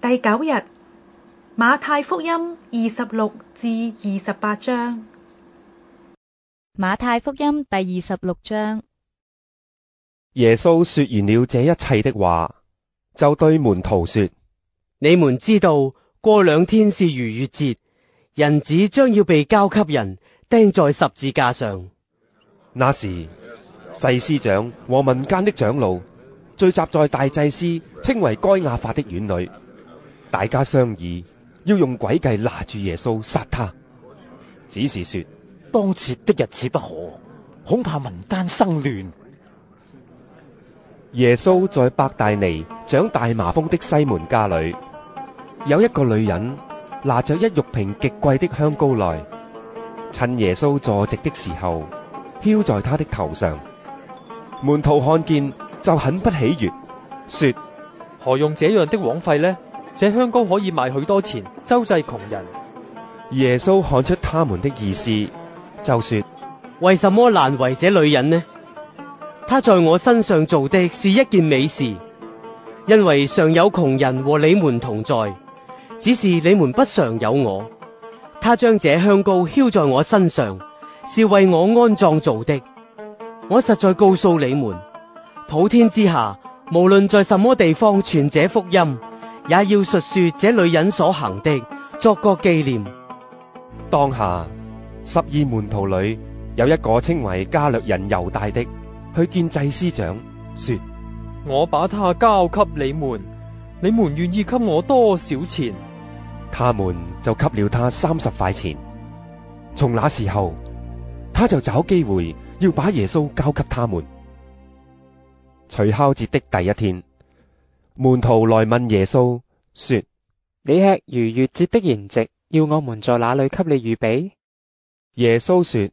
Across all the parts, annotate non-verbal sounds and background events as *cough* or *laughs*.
第九日，馬太福音二十六至二十八章。馬太福音第二十六章，耶穌說完了這一切的話，就對門徒說：你們知道過兩天是逾越節，人子將要被交給人，釘在十字架上。那時，祭司長和民間的長老聚集在大祭司稱為該亞法的院裏。大家商議要用詭計拿住耶穌殺他，只是說當節的日子不可，恐怕民間生亂。耶穌在伯大尼長大麻風的西門家裏，有一個女人拿着一玉瓶極，極貴的香膏來，趁耶穌坐席的時候，澆在他的頭上。門徒看見就很不喜悦，說：何用這樣的枉費呢？這香膏可以賣許多錢，周濟窮人。耶穌看出他們的意思，就說：為什麼難為這女人呢？她在我身上做的是一件美事，因為常有窮人和你們同在，只是你們不常有我。她將這香膏澆在我身上，是為我安葬做的。我實在告訴你們，普天之下無論在什麼地方傳這福音。也要述說這女人所行的，作個紀念。當下十二門徒裏有一個稱為加略人猶大的，去見祭司長，說我把他交給你們，你們願意給我多少錢？他們就給了他三十塊錢。從那時候，他就找機會要把耶穌交給他們。除酵節的第一天。門徒來問耶穌，說：你吃逾越節的筵席，要我們在哪裏給你預備？耶穌說：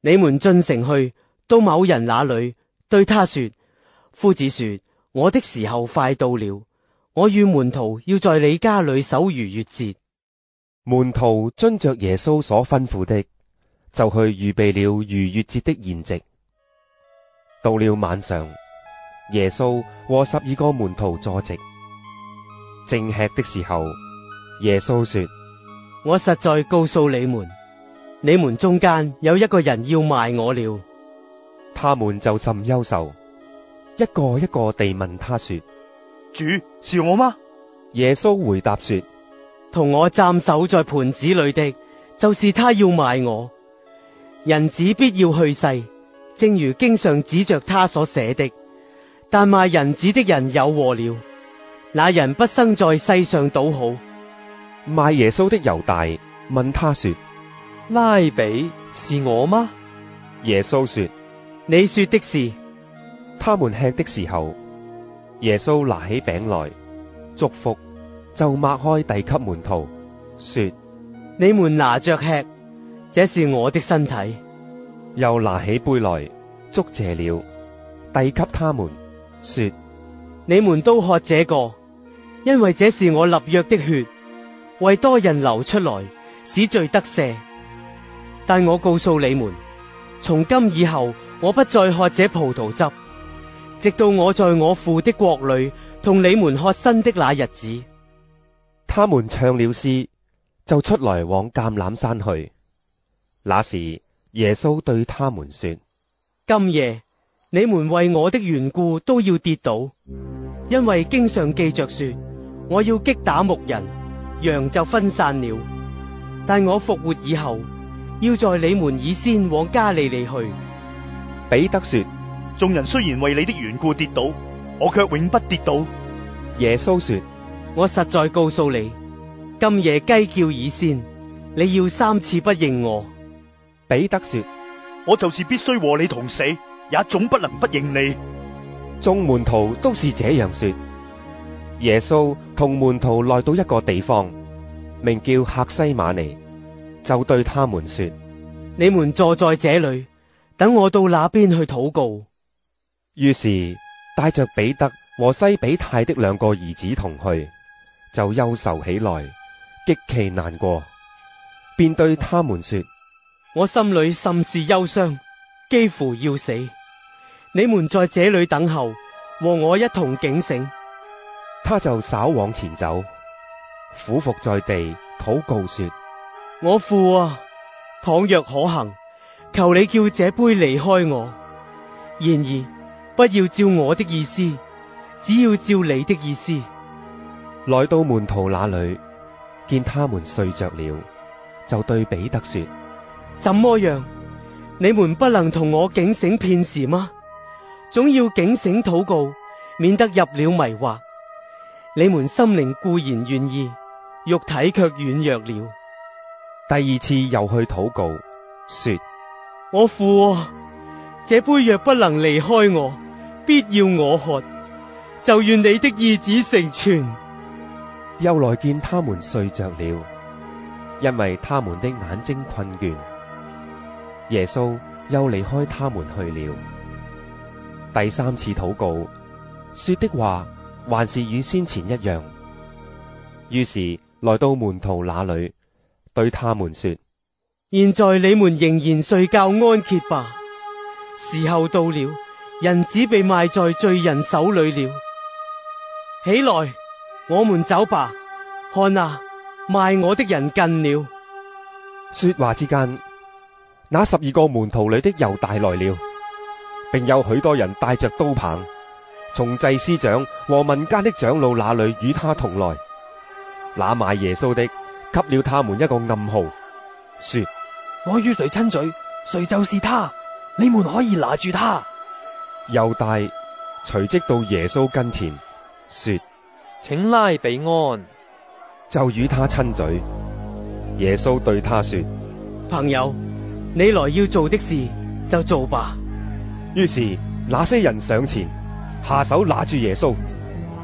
你們進城去，到某人那裏，對他說：夫子說，我的時候快到了，我與門徒要在你家裏守逾越節。門徒遵着耶穌所吩咐的，就去預備了逾越節的筵席。到了晚上。耶穌和十二個門徒坐席，正吃的時候，耶穌說：我實在告訴你們，你們中間有一個人要賣我了。他們就甚憂愁，一個一個地問他說：主，是我嗎？耶穌回答說：同我蘸手在盤子裏的，就是他要賣我。人子必要去世，正如經上指着他所寫的。但賣人子的人有禍了。那人不生在世上倒好。賣耶穌的猶大問他說：拉比是我嗎？耶穌說：你說的是。他們吃的時候，耶穌拿起餅來祝福，就擘開遞給門徒，說：你們拿着吃，這是我的身體。又拿起杯來，祝謝了，遞給他們。說：你們都喝這個，因為這是我立約的血，為多人流出來，使罪得赦。但我告訴你們，從今以後，我不再喝這葡萄汁，直到我在我父的國裏同你們喝新的那日子。他們唱了詩，就出來往橄欖山去。那時，耶穌對他們說：今夜。你們為我的緣故都要跌倒，因為經常記着說，我要擊打牧人，羊就分散了。但我復活以後，要在你們以先往加利利去。彼得說：眾人雖然為你的緣故跌倒，我卻永不跌倒。耶穌說：我實在告訴你，今夜雞叫以先，你要三次不認我。彼得說：我就是必須和你同死。也總不能不認你。眾門徒都是這樣說。耶穌同門徒來到一個地方，名叫客西馬尼，就對他們說：你們坐在這裏，等我到那邊去禱告。於是帶着彼得和西庇太的兩個兒子同去，就憂愁起來，極其難過，便對他們說：我心裏甚是憂傷，幾乎要死。你們在這裏等候，和我一同警醒。他就稍往前走，俯伏在地，禱告說：我父啊，倘若可行，求你叫這杯離開我。然而不要照我的意思，只要照你的意思。來到門徒那裏，見他們睡着了，就對彼得說：怎麼樣？你們不能同我警醒片時嗎？總要警醒禱告，免得入了迷惑。你們心靈固然願意，肉體却軟弱了。第二次又去禱告，說：我父啊，這杯若不能離開我，必要我喝，就願你的意旨成全。又來見他們睡着了，因為他們的眼睛困倦。耶穌又離開他們去了。第三次禱告，說的話還是與先前一樣。於是來到門徒那裏，對他們說：現在你們仍然睡覺安歇吧，時候到了，人子被賣在罪人手裏了。起來，我們走吧，看啊，賣我的人近了。說話之間，那十二個門徒裏的猶大來了。並有許多人帶着刀棒，從祭司長和民間的長老那裏與他同來。那賣耶穌的給了他們一個暗號，說：我與誰親嘴，誰就是他。你們可以拿住他。猶大隨即到耶穌跟前，說：請拉比安，就與他親嘴。耶穌對他說：朋友，你來要做的事就做吧。於是那些人上前下手拿住耶穌，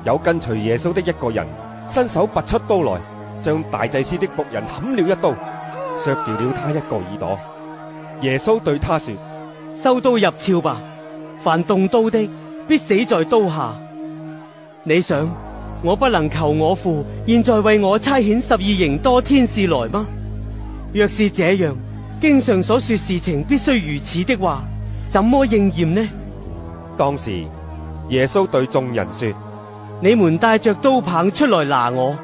有跟隨耶穌的一個人伸手拔出刀來，將大祭司的僕人砍了一刀，削掉了他一個耳朵。耶穌對他說：收刀入鞘吧，凡動刀的必死在刀下。你想我不能求我父現在為我差遣十二營多天使來嗎？若是這樣，經上所說事情必須如此的話。.怎麼應驗呢？當時耶穌對眾人說：你們帶着刀棒出來拿我，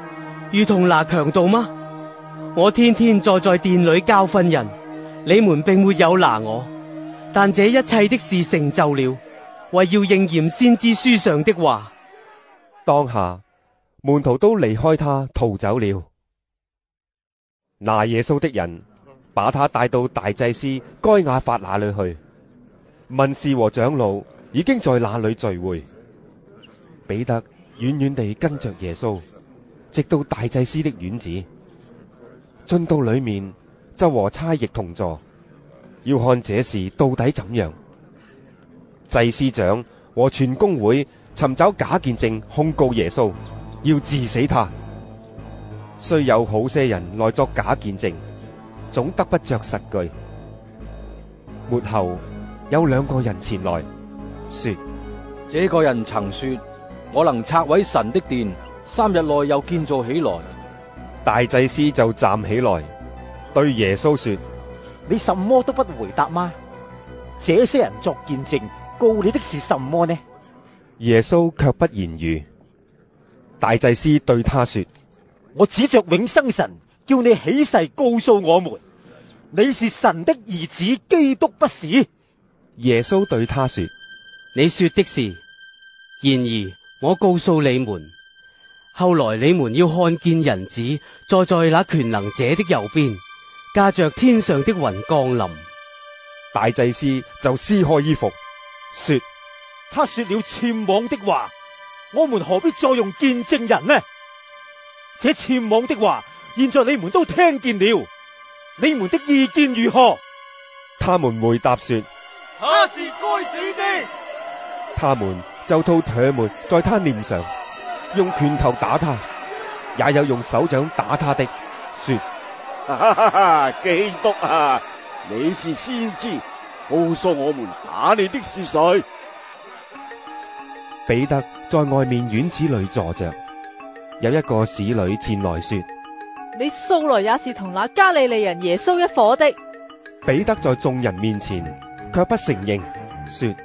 如同拿強盜嗎？我天天坐在殿裏教訓人，你們並沒有拿我，但這一切的事成就了，為要應驗先知書上的話。當下門徒都離開他逃走了。拿耶穌的人把他帶到大祭司該亞法那裏去。文士和長老已經在那裡聚會，彼得遠遠地跟着耶穌，直到大祭司的院子，進到裏面就和差役同坐，要看這事到底怎樣。祭司長和全公會尋找假見證控告耶穌，要治死他。雖有好些人來作假見證，總得不着實據。末後。有兩個人前來說，這個人曾說我能拆毀神的殿，三日內又建造起來。大祭司就站起來對耶穌說：你什麼都不回答嗎？這些人作見證告你的是什麼呢？耶穌卻不言語。大祭司對他說：我指着永生神，叫你起誓告訴我們，你是神的兒子，基督不是？耶穌對他說：你說的是。然而我告訴你們，後來你們要看見人子坐在那權能者的右邊，駕着天上的雲降臨。大祭司就撕開衣服，說：他說了僭妄的話，我們何必再用見證人呢？這僭妄的話，現在你們都聽見了，你們的意見如何？他們回答說：他是該死的，他們就套唾沫在他臉上，用拳頭打他，也有用手掌打他的，說： *laughs* 基督啊，你是先知，告訴我們打你的是誰。彼得在外面院子裡坐着，有一個使女前來說：你素來也是同那加利利人耶穌一夥的。彼得在眾人面前，卻不承認，說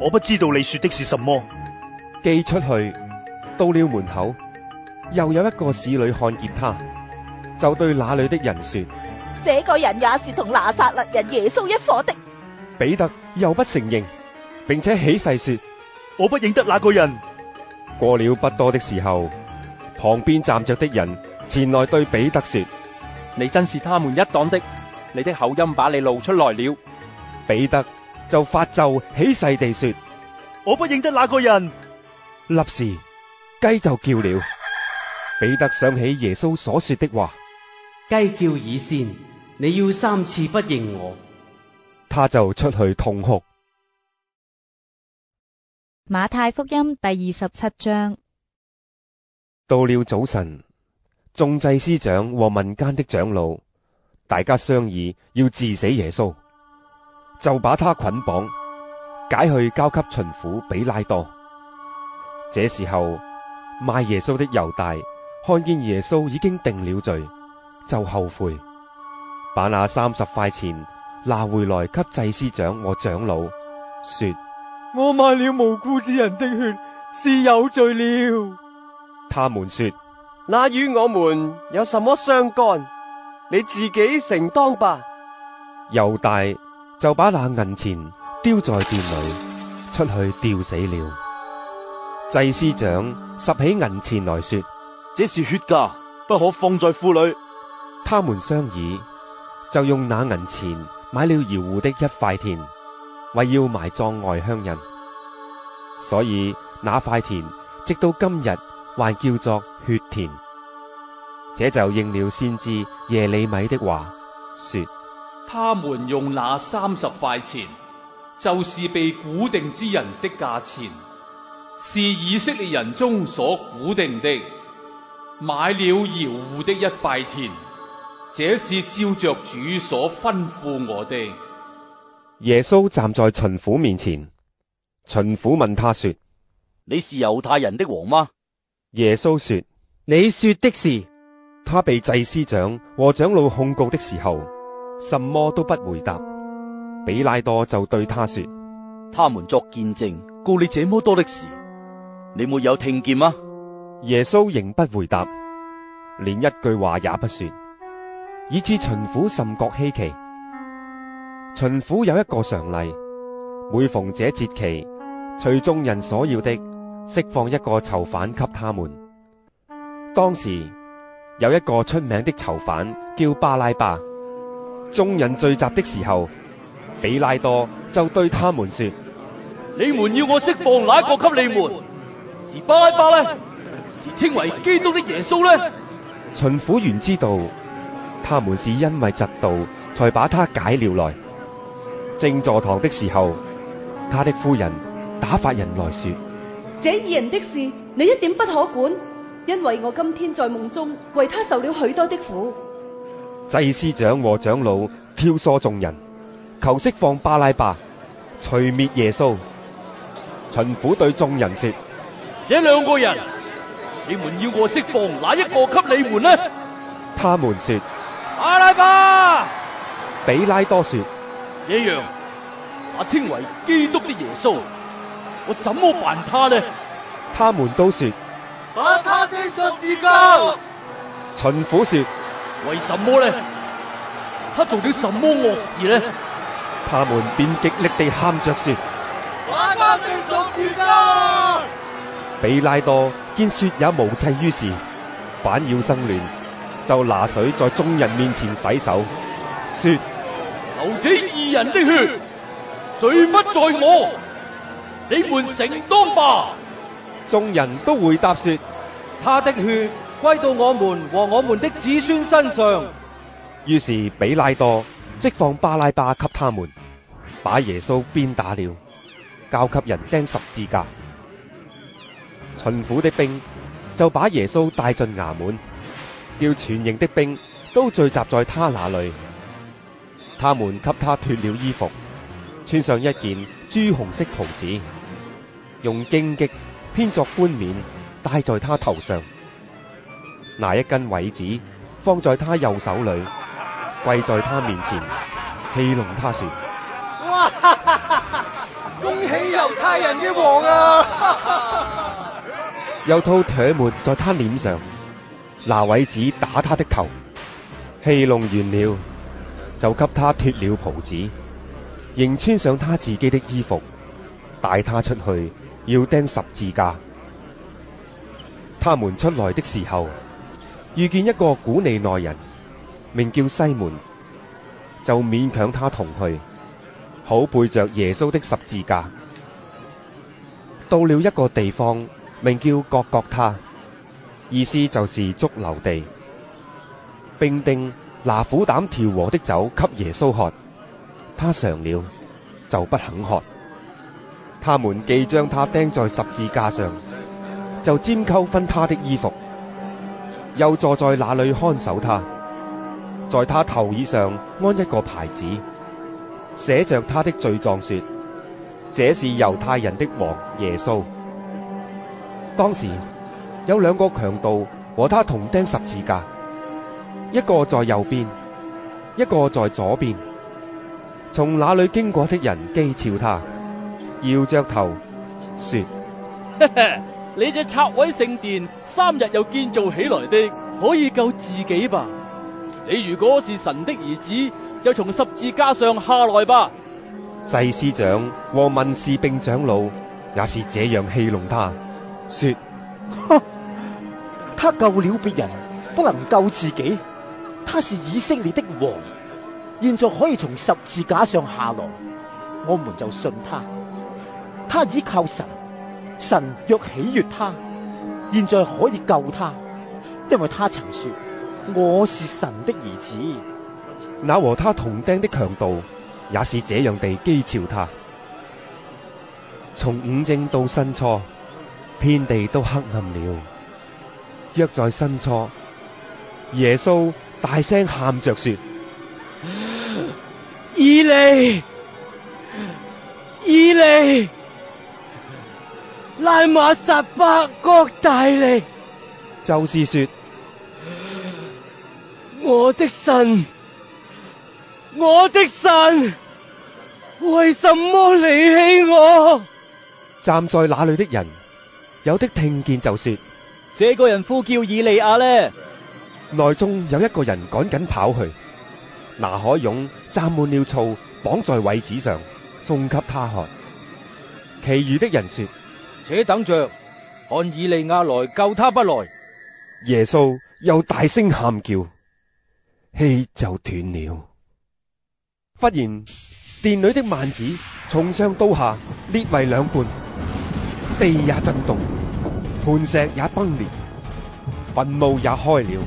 我不知道你說的是什麼。寄出去，到了門口，又有一個使女看見他，就對那裏的人說：這個人也是同拿撒勒人耶穌一伙的。彼得又不承認，並且起誓說：我不認得那個人。過了不多的時候，旁邊站着的人前來對彼得說：你真是他們一黨的，你的口音把你露出來了。彼得就發咒起誓地說：我不認得那個人。立時雞就叫了。彼得想起耶穌所說的話：雞叫以先，你要三次不認我。他就出去痛哭。馬太福音第二十七章。到了早晨，眾祭司長和民間的長老大家商議要治死耶穌。就把他捆綁解去，交給巡撫比拉多。這時候賣耶穌的猶大看見耶穌已經定了罪，就後悔，把那三十塊錢拿回來給祭，祭司長我長老，說：我賣了無辜之人的血，是有罪了。他們說：那與我們有什麼相干？你自己承當吧。猶大。就把那銀錢丟在殿裡，出去弔死了。祭司長拾起銀錢來說：這是血價，不可放在庫裏。他們商議，就用那銀錢買了窯戶的一塊田，為要埋葬外鄉人。所以那塊田直到今日還叫做血田。這就應了先知耶利米的話說。他們用那三十塊錢，就是被估定之人的價錢，是以色列人中所估定的，買了窯戶的一塊田。這是照着主所吩咐我的。耶穌站在巡撫面前，巡撫問他說：你是猶太人的王嗎？耶穌說：你說的是。他被祭司長和長老控告的時候。什麼都不回答，比拉多就對他說：他們作見證告你這麼多的事，你沒有聽見嗎？耶穌仍不回答，連一句話也不說，以致秦府甚覺稀奇。秦府有一個常例，每逢這節期，隨眾人所要的釋放一個囚犯給他們。當時有一個出名的囚犯叫巴拉巴。眾人聚集的時候，比拉多就對他們說：你們要我釋放哪個給你們？是巴拉巴呢？是稱為基督的耶穌呢？」巡撫員知道，他們是因為嫉妒，才把他解了來。正坐堂的時候，他的夫人打發人來說：這二人的事，你一點不可管，因為我今天在夢中為他受了許多的苦。祭司長和長老挑唆眾人，求釋放巴拉巴，除滅耶穌。巡撫對眾人說：這兩個人，你們要我釋放哪一個給你們呢？他們說：巴拉巴。彼拉多說：這樣，把稱為基督的耶穌，我怎麼辦他呢？他們都說：把他的十字架。巡撫說。為什麼呢？他做咗什麼惡事呢？他們便極力地喊着說：把家己手剪啦！彼拉多見說也無濟於事，反要生亂，就拿水在眾人面前洗手。說：流義二人的血，罪不在我，你們承當吧。眾人都回答說：他的血歸到我們和我們的子孫身上。於是比拉多釋放巴拉巴給他們，把耶穌鞭打了，交給人釘十字架。巡撫的兵就把耶穌帶進衙門，叫全營的兵都聚集在他那裏。他們給他脱了衣服，穿上一件朱紅色袍子，用荊棘編作冠冕戴在他頭上。拿一根葦子放在他右手裏，跪在他面前戲弄他說：恭喜猶太人的王啊！ *laughs* 又吐唾沫在他臉上，拿葦子打他的頭。戲弄完了，就給他脱了袍子，仍穿上他自己的衣服，帶他出去要釘十字架。他們出來的時候。遇見一個古利奈人，名叫西門，就勉強他同去，好背着耶穌的十字架。到了一個地方，名叫各各他，意思就是髑髏地。兵丁拿苦膽調和的酒給耶穌喝，他嘗了就不肯喝。他們既將他釘在十字架上，就拈鬮分他的衣服。又坐在那裏看守他，在他頭以上安一個牌子，寫着他的罪狀，說：這是猶太人的王耶穌。當時有兩個強盜和他同釘十字架，一個在右邊，一個在左邊。從那裏經過的人譏誚他，搖着頭說： *laughs* 你這拆毀聖殿三日又建造起來的，可以救自己吧？你如果是神的兒子，就從十字架上下來吧。祭司長和文士並長老也是這樣戲弄他說： *laughs* 他救了別人，不能救自己。他是以色列的王，現在可以從十字架上下來，我們就信他。他依靠神。神若喜悅他，現在可以救他，因為他曾說我是神的兒子。那和他同釘的強盜也是這樣地譏誚他。從午正到申初，遍地都黑暗了。約在申初，耶穌大聲喊着說：以利，以利！拉馬撒巴國大利，就是說，我的神，我的神，為什麼離棄我？站在那裏的人，有的聽見就說：這個人呼叫以利亞呢。」內中有一個人趕緊跑去，拿海絨蘸滿了醋，綁在葦子上，送給他看。其餘的人說。且等着，看以利亞來救他不來。耶穌又大聲喊叫，氣就斷了。忽然殿裏的幔子從上到下裂為兩半，地也震動，磐石也崩裂，墳墓，墓也開了。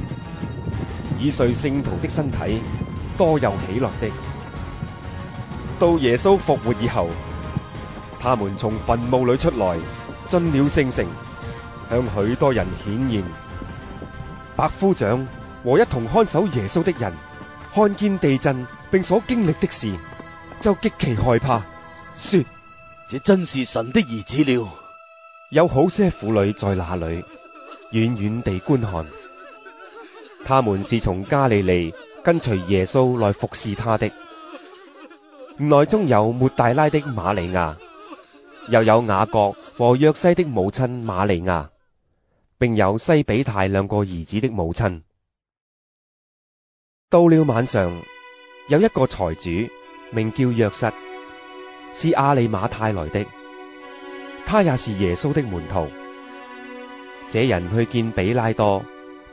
以隨聖徒的身體多有喜樂的，到耶穌復活以後，他們從墳墓，墓裏出來。進了聖城，向許多人顯現。百夫長和一同看守耶穌的人看見地震並所經歷的事，就極其害怕，說：這真是神的兒子了。有好些婦女在那裏，遠遠地觀看。他們是從加利利跟隨耶穌來服侍他的。內中有抹大拉的馬利亞。又有雅各和約西的母親馬利亞，並有西庇太兩個兒子的母親。到了晚上，有一個財主名叫約瑟，是亞利馬太來的，他也是耶穌的門徒。這人去見彼拉多，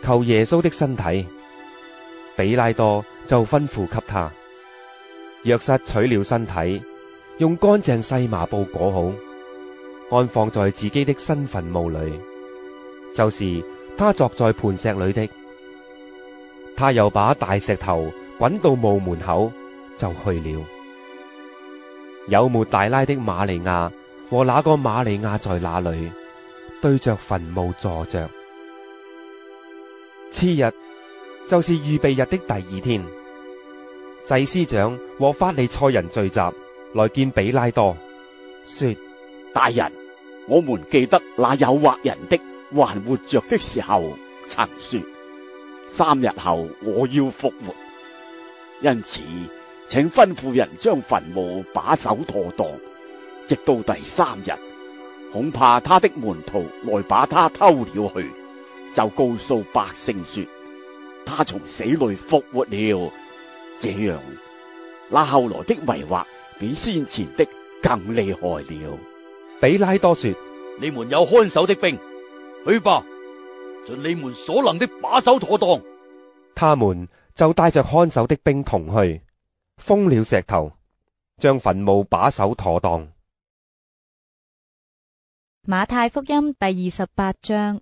求耶穌的身體，彼拉多就吩咐給他，約瑟取了身體。用乾淨細麻布裹好，安放在自己的新墳墓裏，就是他鑿在磐石裏的。他又把大石頭滾到墓門口就去了。有抹大拉的瑪利亞和那個瑪利亞在那裏，對着墳墓坐着。次日就是預備日的第二天，祭司長和法利賽人聚集。來見比拉多，說：大人，我們記得那誘惑人的還活着的時候，曾說三日後我要復活，因此請吩咐人將墳墓把守妥當，直到第三日，恐怕他的門徒來把他偷了去，就告訴百姓說他從死裏復活了，這樣那後來的迷惑，比先前的更厲害了。彼拉多說：你們有看守的兵，去吧，盡你們所能的把守妥當。他們就帶着看守的兵同去，封了石頭，將墳墓把守妥當。馬太福音第二十八章。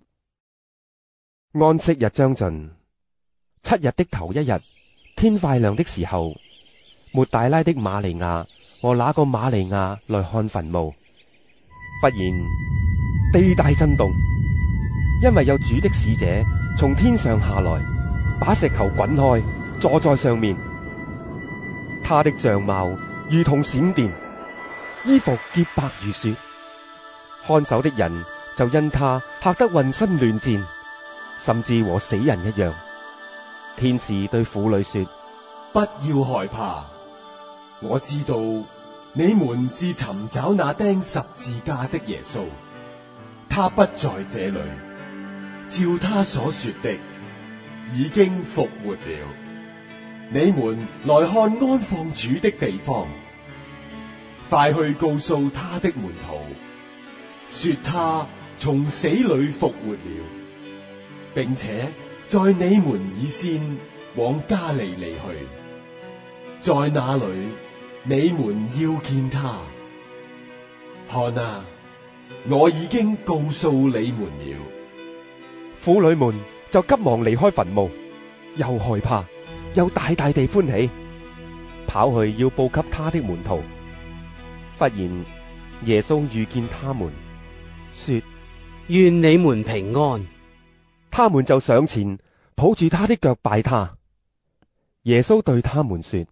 安息日將盡，七日的頭一日，天快亮的時候，抹大拉的馬利亞。我那個瑪利亞來看墳墓，忽然地大震動，因為有主的使者從天上下來，把石球滾開，坐在上面。他的相貌如同閃電，衣服潔白如雪。看守的人就因他嚇得渾身亂戰，甚至和死人一樣。天使對婦女說：不要害怕。我知道你們是尋找那釘十字架的耶穌，他不在這裏。照他所說的，已經復活了。你們來看安放主的地方。快去告訴他的門徒，說他從死裏復活了，並且在你們以先往加利利去，在那裏。你們要見他，看啊！我已經告訴你們了。婦女們就急忙離開墳墓，又害怕，又大大地歡喜，跑去要報給他的門徒。忽然，耶穌遇見他們，說：願你們平安！他們就上前抱住他的腳拜他。耶穌對他們說：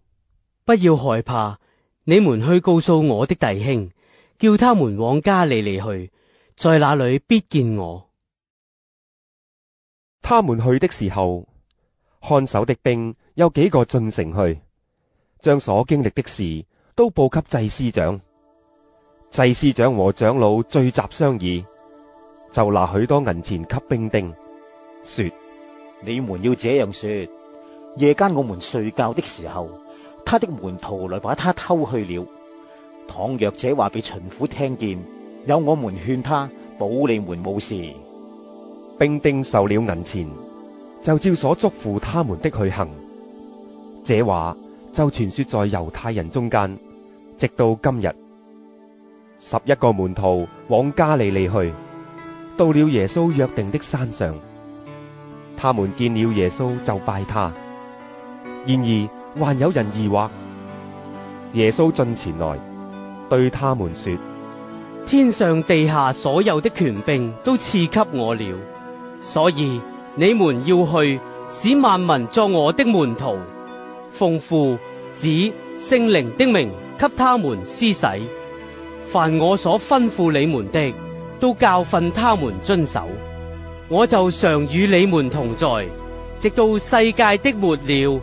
不要害怕。你們去告訴我的弟兄，叫他們往加利利去，在那裏必見我。他們去的時候，看守的兵有幾個進城去，將所經歷的事都報給祭司長。祭司長和長老聚集商議，就拿許多銀錢給兵丁，說：你們要這樣說，夜間我們睡覺的時候。他的門徒來把他偷去了。倘若這話被巡撫聽見，有我們勸他，保你們冇事，兵丁受了銀錢，就照所囑咐他們的去行。這話就傳說在猶太人中間，直到今日。十一個門徒往加利利去，到了耶穌約定的山上，他們見了耶穌就拜他。然而，還有人疑惑，耶穌進前來對他們說：天上地下所有的權柄都賜給我了，所以你們要去，使萬民作我的門徒，奉父、子、聖靈的名給他們施洗。凡我所吩咐你們的，都教訓他們遵守。我就常與你們同在，直到世界的末了。